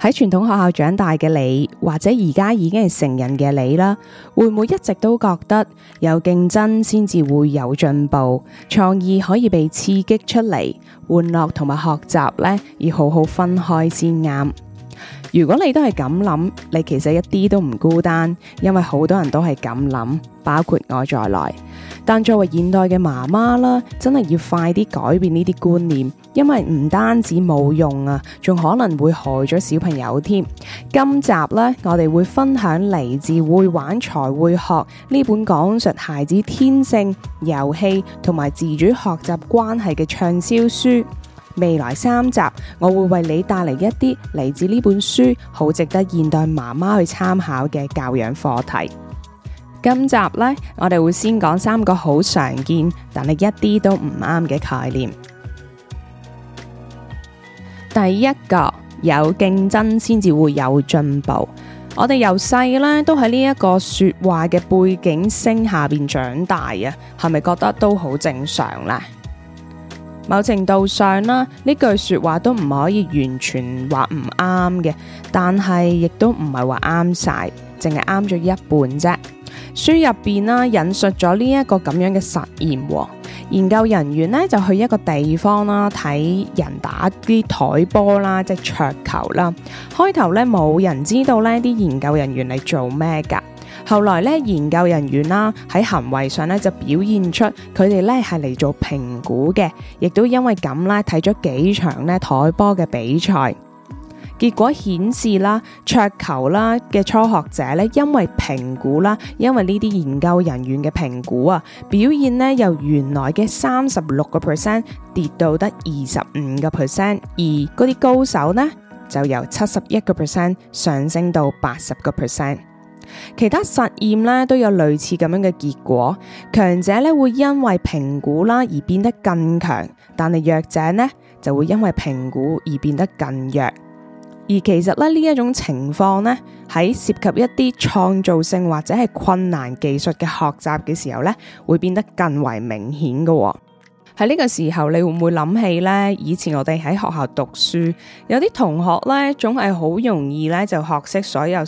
喺傳統學校長大嘅你，或者而家已經係成人嘅你啦，會唔會一直都覺得有競爭先至會有進步？創意可以被刺激出嚟，玩樂同埋學習呢，要好好分開先啱？如果你都係咁諗，你其實一啲都唔孤單，因為好多人都係咁諗，包括我在內。但作為現代嘅媽媽啦，真係要快啲改變呢啲觀念，因為唔單止冇用啊，仲可能會害咗小朋友添。今集呢，我哋會分享嚟自《會玩才會學》呢本講述孩子天性、遊戲同埋自主學習關係嘅暢銷書。未來三集我會為你帶嚟一啲嚟自呢本書好值得現代媽媽去參考嘅教養課題。今集呢，我哋會先講三個好常見但係一啲都唔啱嘅概念。第一個，有競爭先至會有進步。我哋由細咧都喺呢一個說話嘅背景聲下邊長大啊，係咪覺得都好正常呢？某程度上啦，呢句說話都唔可以完全話唔啱嘅，但係亦都唔係話啱晒，淨係啱咗一半啫。書入邊啦，引述咗呢一個咁樣嘅實驗，研究人員呢，就去一個地方啦，睇人打啲台波啦，即桌球啦。開頭呢，冇人知道呢啲研究人員嚟做咩噶。後來咧，研究人員啦喺行為上咧就表現出佢哋咧係嚟做評估嘅，亦都因為咁啦睇咗幾場咧台波嘅比賽，結果顯示啦桌球啦嘅初學者咧因為評估啦，因為呢啲研究人員嘅評估啊，表現呢由原來嘅三十六個 percent 跌到得二十五個 percent，而嗰啲高手呢，就由七十一個 percent 上升到八十個 percent。其他實驗咧都有類似咁樣嘅結果，強者咧會因為評估啦而變得更強，但係弱者咧就會因為評估而變得更弱。而其實咧呢一種情況咧喺涉及一啲創造性或者係困難技術嘅學習嘅時候咧，會變得更為明顯噶哦。喺呢個時候你會唔會諗起咧，以前我哋喺學校讀書，有啲同學咧總係好容易咧就學識所有。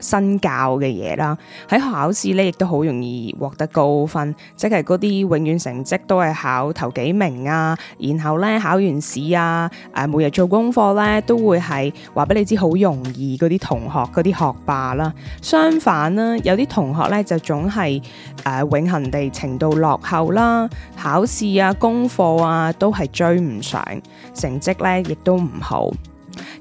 新教嘅嘢啦，喺考試咧亦都好容易獲得高分，即係嗰啲永遠成績都係考頭幾名啊。然後咧考完試啊，誒每日做功課咧都會係話俾你知好容易嗰啲同學嗰啲學霸啦。相反啦，有啲同學咧就總係誒、呃、永恆地程度落後啦，考試啊功課啊都係追唔上，成績咧亦都唔好。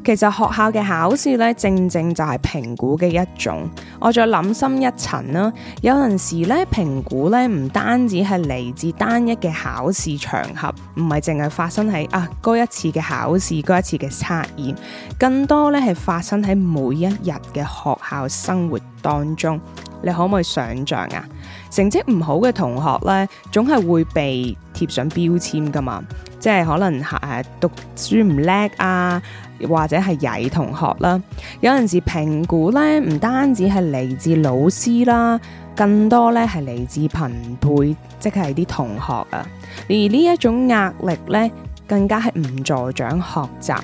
其實學校嘅考試咧，正正就係評估嘅一種。我再諗深一層啦，有陣時咧，評估咧唔單止係嚟自單一嘅考試場合，唔係淨係發生喺啊嗰一次嘅考試、嗰一次嘅測驗，更多咧係發生喺每一日嘅學。校生活當中，你可唔可以想象啊？成績唔好嘅同學咧，總係會被貼上標籤噶嘛？即係可能誒、啊，讀書唔叻啊，或者係曳同學啦。有陣時評估咧，唔單止係嚟自老師啦，更多咧係嚟自朋輩，即係係啲同學啊。而壓呢一種壓力咧，更加係唔助長學習，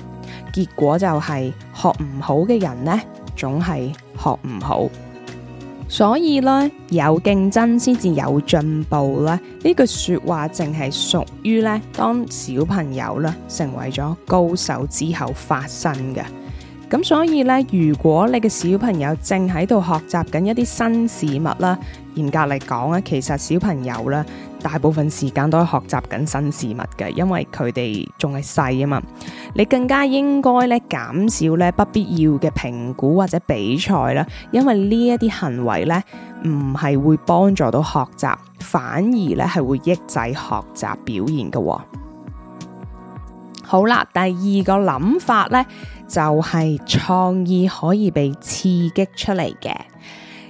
結果就係學唔好嘅人咧。總係學唔好，所以咧有競爭先至有進步咧。呢句說話淨係屬於咧當小朋友咧成為咗高手之後發生嘅。咁所以咧，如果你嘅小朋友正喺度學習緊一啲新事物啦，嚴格嚟講咧，其實小朋友啦。大部分時間都係學習緊新事物嘅，因為佢哋仲係細啊嘛。你更加應該咧減少咧不必要嘅評估或者比賽啦，因為呢一啲行為咧唔係會幫助到學習，反而咧係會抑制學習表現嘅，哦。好啦，第二個諗法咧就係、是，創意可以被刺激出嚟嘅。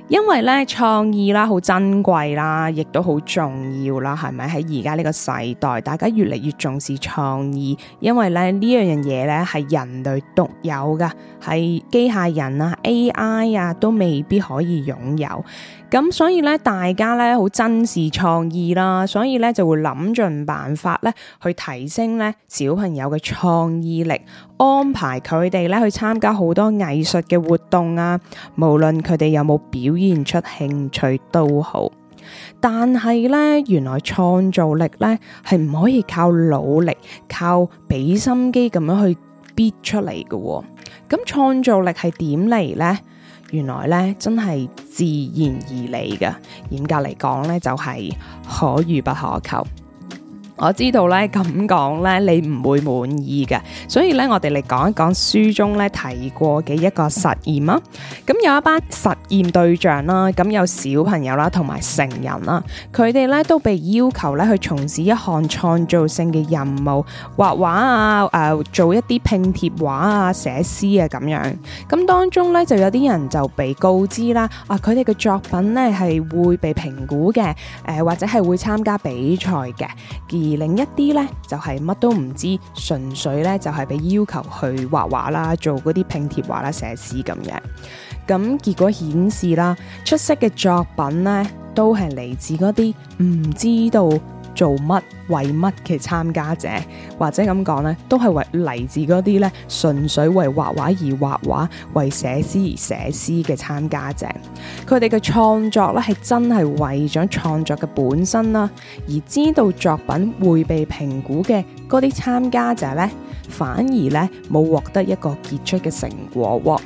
因為咧創意啦好珍貴啦，亦都好重要啦，係咪？喺而家呢個世代，大家越嚟越重視創意，因為咧呢樣嘢咧係人類獨有噶，係機械人啊、AI 啊都未必可以擁有。咁所以咧，大家咧好珍視創意啦，所以咧就會諗盡辦法咧去提升咧小朋友嘅創意力。安排佢哋咧去參加好多藝術嘅活動啊，無論佢哋有冇表現出興趣都好。但係咧，原來創造力咧係唔可以靠努力、靠俾心機咁樣去逼出嚟嘅，哦。咁、嗯、創造力係點嚟呢？原來咧真係自然而嚟嘅，嚴格嚟講咧就係、是、可遇不可求。我知道咧咁講咧你唔會滿意嘅，所以咧我哋嚟講一講書中咧提過嘅一個實驗啊。咁有一班實驗對象啦，咁有小朋友啦，同埋成人啦，佢哋咧都被要求咧去從事一項創造性嘅任務，畫畫啊，誒、呃、做一啲拼貼畫啊，寫詩啊咁樣。咁當中咧就有啲人就被告知啦，啊佢哋嘅作品咧係會被評估嘅，誒、呃、或者係會參加比賽嘅。而另一啲呢，就係乜都唔知，純粹呢，就係被要求去畫畫啦，做嗰啲拼貼畫啦、寫詩咁樣，咁結果顯示啦，出色嘅作品呢，都係嚟自嗰啲唔知道。做乜為乜嘅參加者，或者咁講呢，都係為嚟自嗰啲呢，純粹為畫畫而畫畫，為寫詩而寫詩嘅參加者，佢哋嘅創作呢，係真係為咗創作嘅本身啦，而知道作品會被評估嘅嗰啲參加者呢，反而呢，冇獲得一個傑出嘅成果。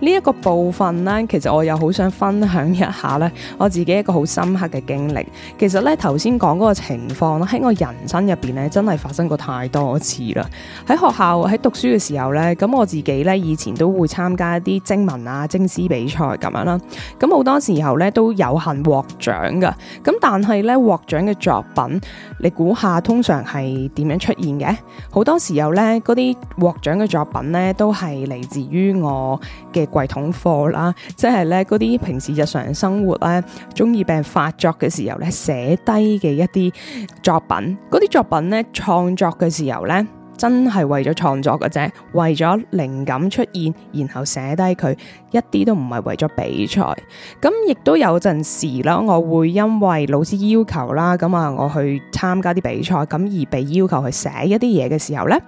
呢一個部分呢，其實我又好想分享一下呢，我自己一個好深刻嘅經歷。其實呢，頭先講嗰個情況喺我人生入邊呢，真係發生過太多次啦。喺學校喺讀書嘅時候呢，咁我自己呢，以前都會參加一啲徵文啊、徵詩比賽咁樣啦。咁好多時候呢，都有幸獲獎㗎。咁但係呢，獲獎嘅作品，你估下通常係點樣出現嘅？好多時候呢，嗰啲獲獎嘅作品呢，都係嚟自於我嘅。櫃桶貨啦，即係咧，嗰啲平時日常生活咧，中意病發作嘅時候咧，寫低嘅一啲作品，嗰啲作品咧創作嘅時候咧，真係為咗創作嘅啫，為咗靈感出現，然後寫低佢，一啲都唔係為咗比賽。咁亦都有陣時啦，我會因為老師要求啦，咁啊我去參加啲比賽，咁而被要求去寫一啲嘢嘅時候咧，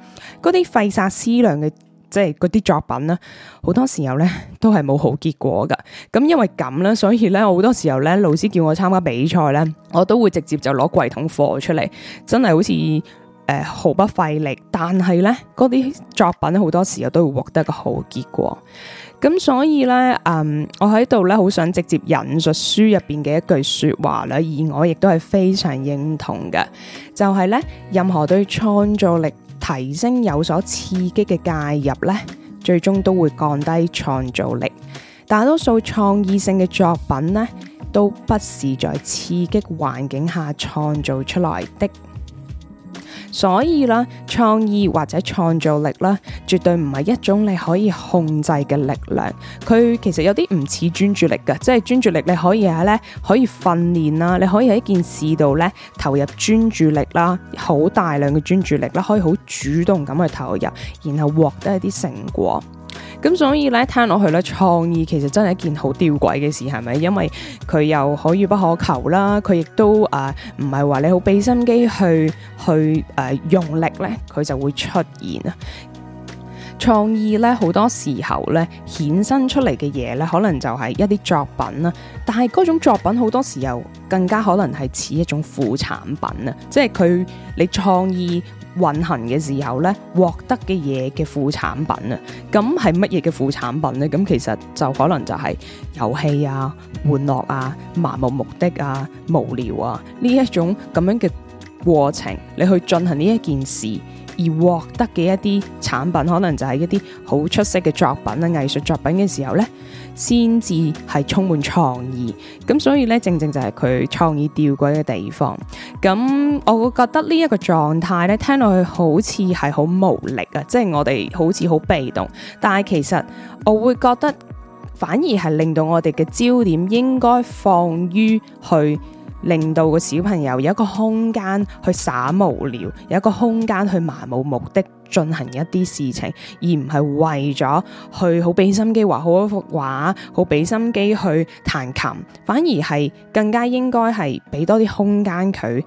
嗰啲費煞思量嘅。即係嗰啲作品咧，好多時候咧都係冇好結果噶。咁因為咁啦，所以咧好多時候咧老師叫我參加比賽咧，我都會直接就攞櫃桶貨出嚟，真係好似誒、呃、毫不費力。但係咧嗰啲作品好多時候都會獲得個好結果。咁所以咧，嗯，我喺度咧好想直接引述書入邊嘅一句說話咧，而我亦都係非常認同嘅，就係、是、咧任何對創造力提升有所刺激嘅介入咧，最終都會降低創造力。大多數創意性嘅作品咧，都不是在刺激環境下創造出來的。所以啦，創意或者創造力啦，絕對唔係一種你可以控制嘅力量。佢其實有啲唔似專注力㗎，即係專注力你可以喺呢可以訓練啦，你可以喺一件事度呢投入專注力啦，好大量嘅專注力啦，可以好主動咁去投入，然後獲得一啲成果。咁、嗯、所以咧，攤落去咧，創意其實真係一件好吊詭嘅事，係咪？因為佢又可遇不可求啦，佢亦都誒，唔係話你好俾心機去去誒、呃、用力咧，佢就會出現啊！創意咧，好多時候咧，衍生出嚟嘅嘢咧，可能就係一啲作品啦，但係嗰種作品好多時候更加可能係似一種副產品啊，即係佢你創意，運行嘅時候呢，獲得嘅嘢嘅副產品啊，咁係乜嘢嘅副產品咧？咁其實就可能就係遊戲啊、玩樂啊、漫無目，目的啊、無聊啊呢一種咁樣嘅過程，你去進行呢一件事，而獲得嘅一啲產品，可能就係一啲好出色嘅作品啊、藝術作品嘅時候呢。先至係充滿創意，咁所以咧，正正就係佢創意吊詭嘅地方。咁我覺得呢一個狀態咧，聽落去好似係好無力啊，即係我哋好似好被動。但係其實我會覺得，反而係令到我哋嘅焦點應該放於去。令到個小朋友有一個空間去耍無聊，有一個空間去漫無目，目的進行一啲事情，而唔係為咗去好俾心機畫好一幅畫，好俾心機去彈琴，反而係更加應該係俾多啲空間佢去，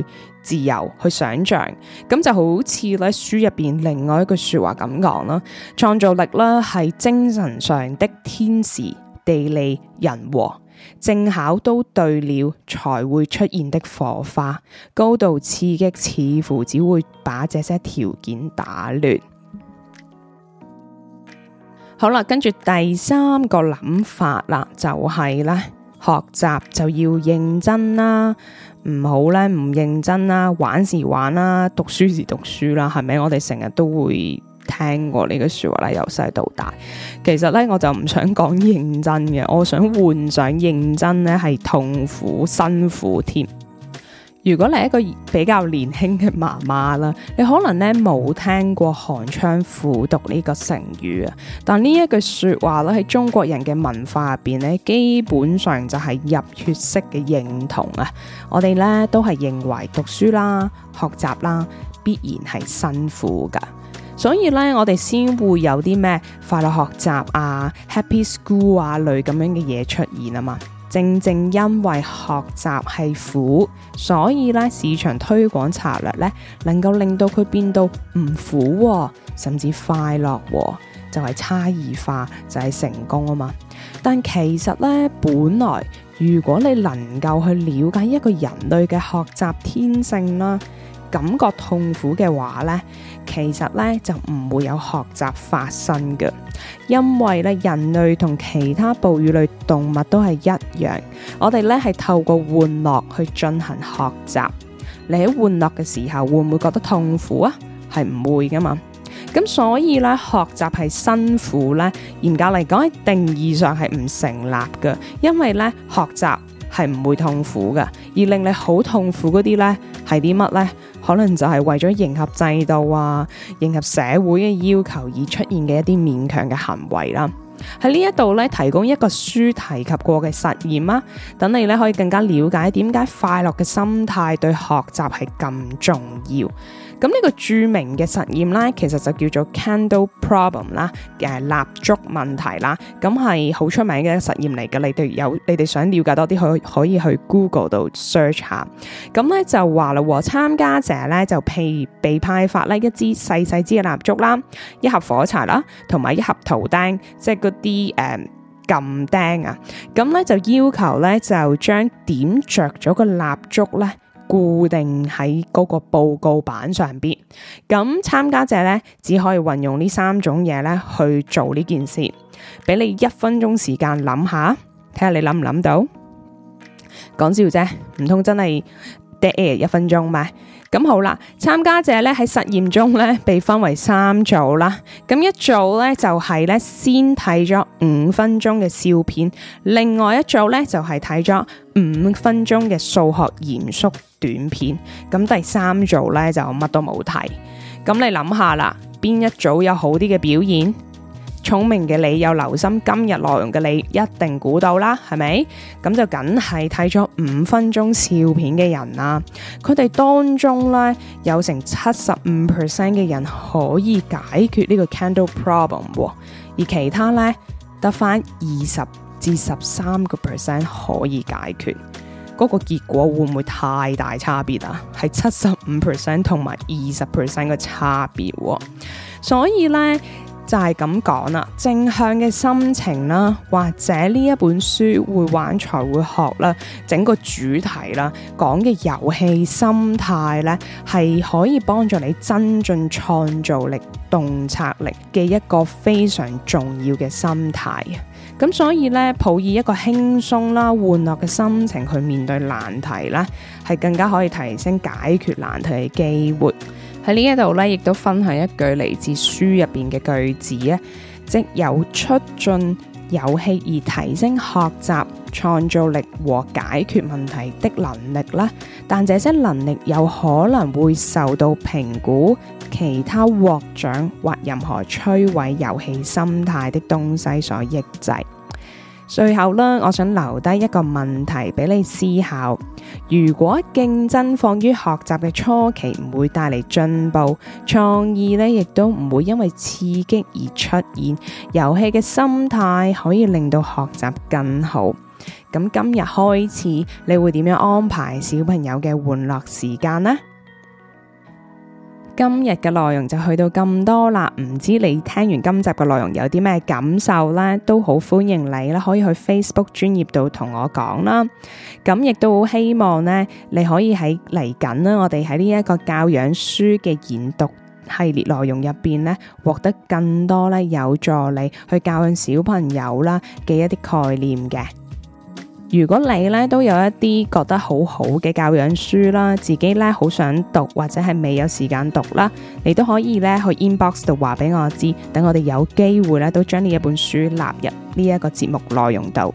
去自由去想像。咁就好似喺書入邊另外一句説話咁講啦，創造力啦，係精神上的天使。地利人和，正巧都對了，才會出現的火花。高度刺激似乎只會把這些條件打亂。好啦，跟住第三個諗法啦，就係咧，學習就要認真啦，唔好咧，唔認真啦，玩時玩啦，讀書時讀書啦，係咪？我哋成日都會。聽過呢個說話咧，由細到大。其實咧，我就唔想講認真嘅，我想幻想認真咧係痛苦辛苦添。如果你係一個比較年輕嘅媽媽啦，你可能咧冇聽過寒窗苦讀呢個成語啊，但呢一句說話咧喺中國人嘅文化入邊咧，基本上就係入血式嘅認同啊。我哋咧都係認為讀書啦、學習啦，必然係辛苦噶。所以咧，我哋先會有啲咩快樂學習啊、Happy School 啊類咁樣嘅嘢出現啊嘛。正正因為學習係苦，所以咧市場推廣策略咧能夠令到佢變到唔苦、啊，甚至快樂、啊，就係、是、差異化，就係、是、成功啊嘛。但其實咧，本來如果你能夠去了解一個人類嘅學習天性啦。感覺痛苦嘅話咧，其實咧就唔會有學習發生嘅，因為咧人類同其他哺乳類動物都係一樣，我哋咧係透過玩樂去進行學習。你喺玩樂嘅時候會唔會覺得痛苦啊？係唔會噶嘛。咁所以咧學習係辛苦咧，嚴格嚟講喺定義上係唔成立嘅，因為咧學習係唔會痛苦嘅，而令你好痛苦嗰啲咧係啲乜咧？可能就係為咗迎合制度啊、迎合社會嘅要求而出現嘅一啲勉強嘅行為啦。喺呢一度咧，提供一個書提及過嘅實驗啦、啊，等你咧可以更加了解點解快樂嘅心態對學習係咁重要。咁呢個著名嘅實驗咧，其實就叫做 Candle Problem 啦，誒蠟燭問題啦，咁係好出名嘅實驗嚟嘅。你哋有你哋想瞭解多啲，可可以去 Google 度 search 下。咁咧就話啦，參加者咧就譬如被被派發咧一支細細支嘅蠟燭啦，一盒火柴啦，同埋一盒圖釘，即係嗰啲誒撳釘啊。咁咧就要求咧就將點著咗個蠟燭咧，固定喺嗰個報告板上邊，咁參加者呢只可以運用呢三種嘢呢去做呢件事，俾你一分鐘時間諗下，睇下你諗唔諗到？講笑啫，唔通真係？air 一分鐘咪，咁好啦。參加者咧，喺實驗中咧，被分為三組啦。咁一組咧，就係咧，先睇咗五分鐘嘅笑片，另外一組咧，就係睇咗五分鐘嘅數學嚴肅短片。咁第三組咧，就乜都冇睇。咁你諗下啦，邊一組有好啲嘅表現？聰明嘅你，有留心今日內容嘅你一定估到啦，係咪？咁就梗係睇咗五分鐘笑片嘅人啦。佢哋當中咧有成七十五 percent 嘅人可以解決呢個 candle problem，喔、而其他咧得返二十至十三個 percent 可以解決。嗰個結果會唔會太大差別啊？係七十五 percent 同埋二十 percent 嘅差別、喔，所以咧。就係咁講啦，正向嘅心情啦，或者呢一本書會玩才會學啦，整個主題啦，講嘅遊戲心態咧，係可以幫助你增進創造力、洞察力嘅一個非常重要嘅心態。咁所以咧，抱以一個輕鬆啦、玩樂嘅心情去面對難題咧，係更加可以提升解決難題嘅機會。喺呢一度咧，亦都分享一句嚟自書入邊嘅句子啊，即有促進遊戲而提升學習創造力和解決問題的能力啦。但這些能力有可能會受到評估、其他獲獎或任何摧毀遊戲心態的東西所抑制。最後咧，我想留低一個問題俾你思考：如果競爭放於學習嘅初期，唔會帶嚟進步，創意咧亦都唔會因為刺激而出現。遊戲嘅心態可以令到學習更好。咁今日開始，你會點樣安排小朋友嘅玩樂時間呢？今日嘅內容就去到咁多啦，唔知你聽完今集嘅內容有啲咩感受呢？都好歡迎你啦，可以去 Facebook 專頁度同我講啦。咁亦都好希望呢，你可以喺嚟緊啦，我哋喺呢一個教養書嘅研讀系列內容入邊呢，獲得更多呢有助你去教養小朋友啦嘅一啲概念嘅。如果你咧都有一啲覺得好好嘅教養書啦，自己咧好想讀或者係未有時間讀啦，你都可以咧去 inbox 度話俾我知，等我哋有機會咧都將呢一本書納入呢一個節目內容度。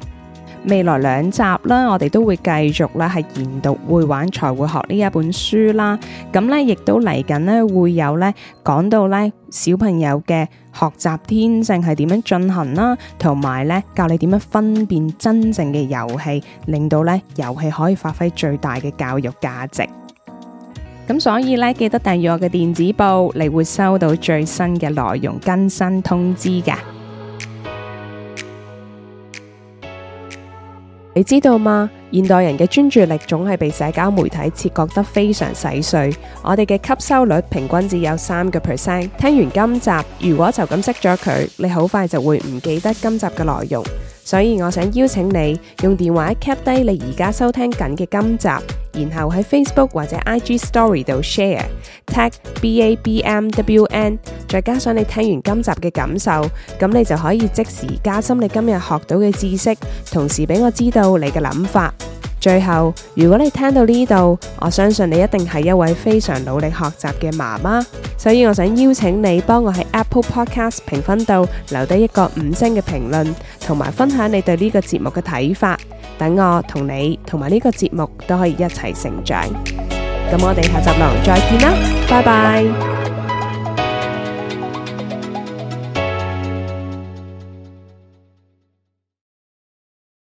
未來兩集呢，我哋都會繼續呢係研讀會玩才會學呢一本書啦。咁呢，亦都嚟緊呢會有呢講到呢小朋友嘅學習天性係點樣進行啦，同埋呢教你點樣分辨真正嘅遊戲，令到呢遊戲可以發揮最大嘅教育價值。咁所以呢，記得訂閱我嘅電子報，你會收到最新嘅內容更新通知嘅。你知道嗎？現代人嘅專注力總係被社交媒體切割得非常細碎，我哋嘅吸收率平均只有三個 percent。聽完今集，如果就咁熄咗佢，你好快就會唔記得今集嘅內容。所以我想邀請你用電話 cap 低你而家收聽緊嘅今集。然後喺 Facebook 或者 IG Story 度 share，tag BABMWN，再加上你聽完今集嘅感受，咁你就可以即時加深你今日學到嘅知識，同時俾我知道你嘅諗法。最後，如果你聽到呢度，我相信你一定係一位非常努力學習嘅媽媽，所以我想邀請你幫我喺 Apple Podcast 評分度留低一個五星嘅評論，同埋分享你對呢個節目嘅睇法。等我同你同埋呢個節目都可以一齊成長，咁我哋下集錄再見啦，拜拜。